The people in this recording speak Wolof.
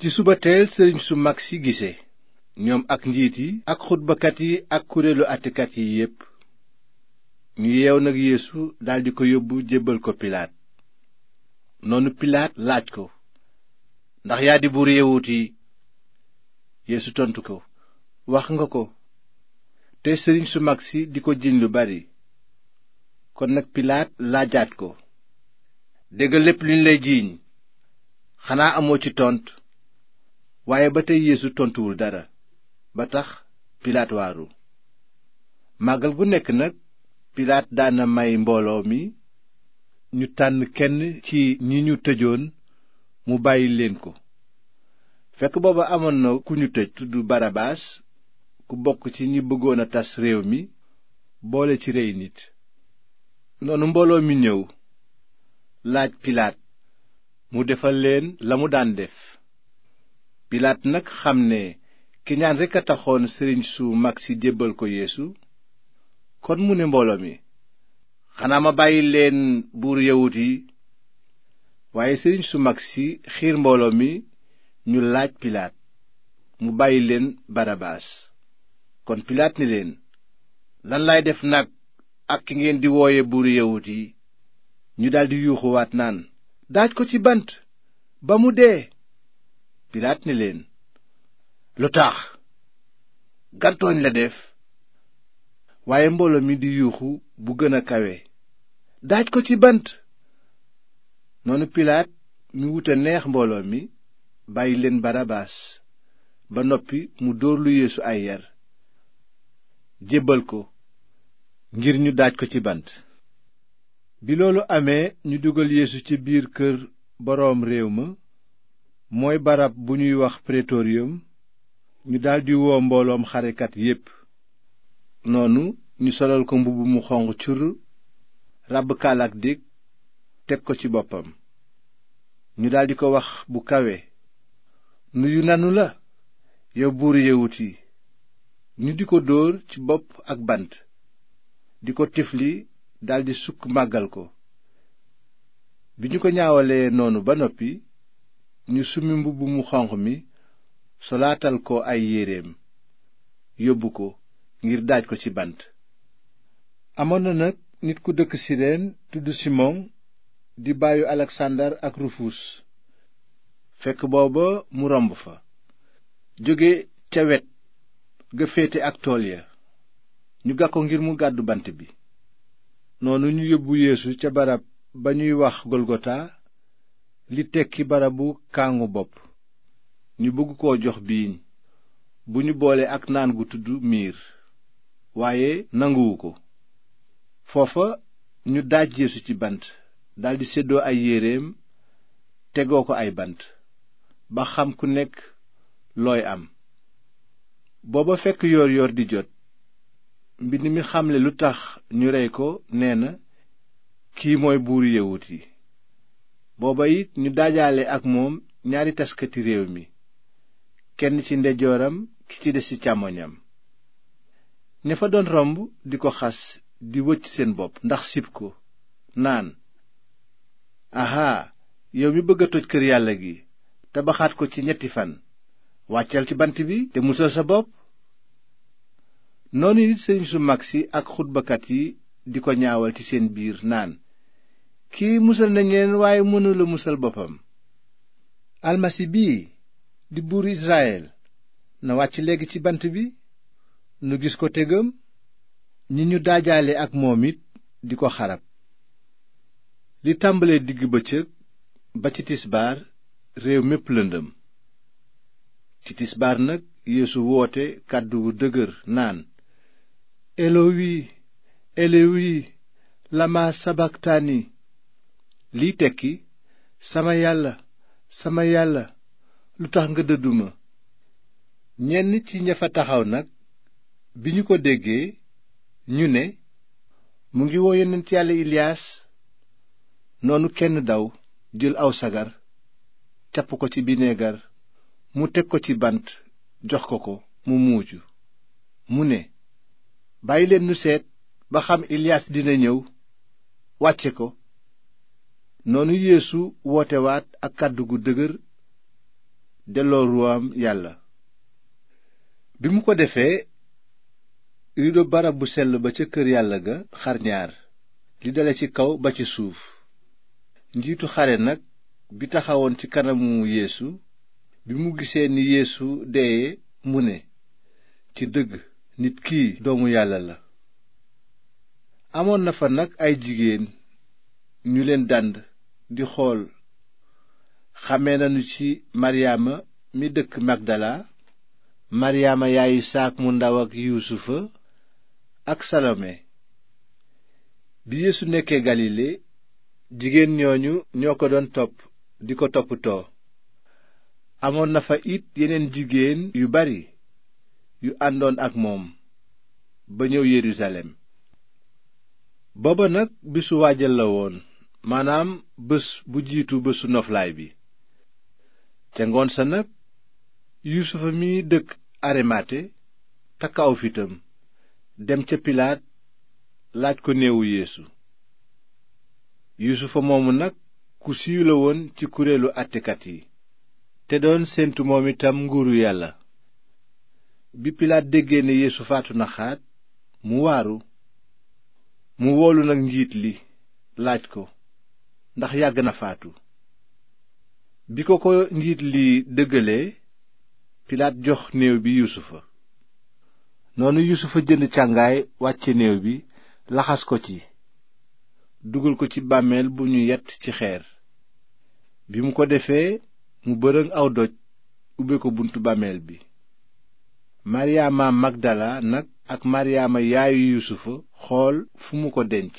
ci suba teel sëriñ su mag si gise ñoom ak njiit yi ak xutbakat yi ak kuréelu àttekat yi yépp ñu yeew nag yéesu daldi ko yóbbu jébbal ko pilaat noonu pilaat laaj ko ndax yaa di buur yawut yi yéesu tontu ko wax nga ko te sëriñ su mag si di ko jiiñ lu bari kon nag pilaat laajaat ko dégg lépp li ñu lay jiiñ xanaa amoo ci tont waaye ba tey yeesu tontuwul dara ba tax pilaat waaru màggal gu nekk nag pilaat daana may mbooloo mi ñu tànn kenn ci ñi ñu tëjoon mu bàyyi leen ko fekk booba amoon na ku ñu tëj tudd barabaas ku bokk ci ñi bëggoon a tas réew mi boole ci rey nit noonu mbooloo mi ñëw laaj pilaat mu defal leen la mu daan def pilaat nag xam ne kiñaan rekk a taxoon sëriñ su mag si jébbal ko yéesu kon mu ne mbooloo mi xanaa ma bàyyi leen buur yawut yi waaye sëriñ su mag si xiir mbooloo mi ñu laaj pilaat mu bàyyi leen barabaas kon pilaat ni leen lan lay def nag ak ki ngeen di wooye buur yawut yi ñu daldi yuuxuwaat naan daaj ko ci bant ba mu dee pilaat ne leen lu tax gàntooñ la def waaye mbooloo mi di yuuxu bu gën a kawe daaj ko ci bant noonu pilaat mi wut neex mbooloo mi bàyyi leen barabaas ba noppi mu dóor lu yéesu ay yar jébbal ko ngir ñu daaj ko ci bant bi loolu amee ñu dugal yéesu ci biir kër boroom réew ma mooy barab bu ñuy wax pretorium ñu daldi woo mbooloom xarekat yépp noonu ñu solal ko mbubb mu xonq cur ràbb kaalaak dég teg ko ci boppam ñu daldi ko wax bu kawe yu nanu la yow buur yawut yi ñu di ko dóor ci bopp ak bant di ko tifli daldi sukk màggal ko bi ñu ko ñaawalee noonu ba noppi ñu summi mbubb mu xonq mi solaatal ko ay yéreem yóbbu ko ngir daaj ko ci bant amoon na nag nit ku dëkk sireen tudd simon di bàyyu alexandar ak rufus fekk booba mu romb fa jóge ca wet ga féete ak tool ya ñu gàk ko ngir mu gàddu bant bi noonu ñu yóbbu yéesu ca barab ba ñuy wax golgota li tekki barabu kàngu bopp ñu bëgg ko jox biiñ bu ñu boole ak naan gu tudd miir waaye nanguwu ko foofa ñu daaj yeesu ci bant daldi seddoo ay yéreem tegoo ko ay bant ba xam ku nekk looy am booba fekk yoor yoor di jot mbind mi xamle lu tax ñu rey ko nee na kii mooy buuru yawut yi booba it ñu daajaale ak moom ñaari taskati réew mi kenn ci ndeyjooram ki ci des ci càmmooñam ña fa doon romb di ko xas di wëcc seen bopp ndax sib ko naan aha yow mi bëgg toj kër yàlla gi tabaxaat ko ci ñetti fan wàccal ci bant bi te musal sa bopp noonu it sëriñ su mag si ak xutbakat yi di ko ñaawal ci seen biir naan kii musal na ñeneen waaye mënula musal boppam almasi bii di buuru Israyel na wàcc léegi ci bant bi nu gis ko te ñi ñu daajaale ak moom it di ko xarab li tàmbalee digg bëccëg ba ci tisbaar réew mépp lëndëm ci tisbaar nag Yeesu woote kàddu dëgër naan elowi elowi lama sabaktaani lii tekki sama yàlla sama yàlla lu tax nga dëddu ma ñenn ci ña fa taxaw nag bi ñu ko déggee ñu ne mu ngi woo ci yàlla Iliyaas noonu kenn daw jël aw sagar capp ko ci bineegar mu teg ko ci bant jox ko ko mu muuju mu ne bàyyi leen nu seet ba xam Iliyaas dina ñëw wàcce ko noonu yéesu wootewaat ak kàddu gu dëgër delloo ruwaam yàlla bi mu ko defee rido barab bu sell ba ca kër yàlla ga xarñaar ñaar li dale ci kaw ba ci suuf njiitu xare nag bi taxawoon ci kanamu yéesu bi mu gisee ni yéesu deye mu ne ci dëgg nit kii doomu yàlla la amoon na fa nag ay jigéen ñu leen dànd di xool xame nañu ci maryaama mi dëkk magdala maryaama yaayu saak mu ndaw ak yuusufa ak salome bi yeesu nekkee galile jigéen ñooñu ñoo ko doon topp di ko toppatoo amoon na fa it yeneen jigéen yu bari yu àndoon ak moom ba ñëw yerusalem booba nag bisu waajal la woon maanaam bés bu jiitu bésu noflaay bi ca ngoon sa nag yuusufa mi dëkk arimate takk aw fitam dem ca pilaat laaj ko néewu yeesu yuusufa moomu nag ku siiw la woon ci kuréelu àttekat yi te doon séentu moom itam nguuru yàlla bi pilaat déggee ne yeesu faatu na xaat mu waaru mu woolu nag njiit li laaj ko ndax yàgg na faatu bi ko ko njiit li dëggalee pilaat jox néew bi yusufa noonu yusufa jënd càngaay wàcce néew bi laxas ko ci dugal ko ci bàmmeel bu ñu yett ci xeer bi mu ko defee mu bërëng aw doj ubbe ko buntu bàmmeel bi maryaama magdala nag ak maryaama yaayu yusufa xool fu mu ko denc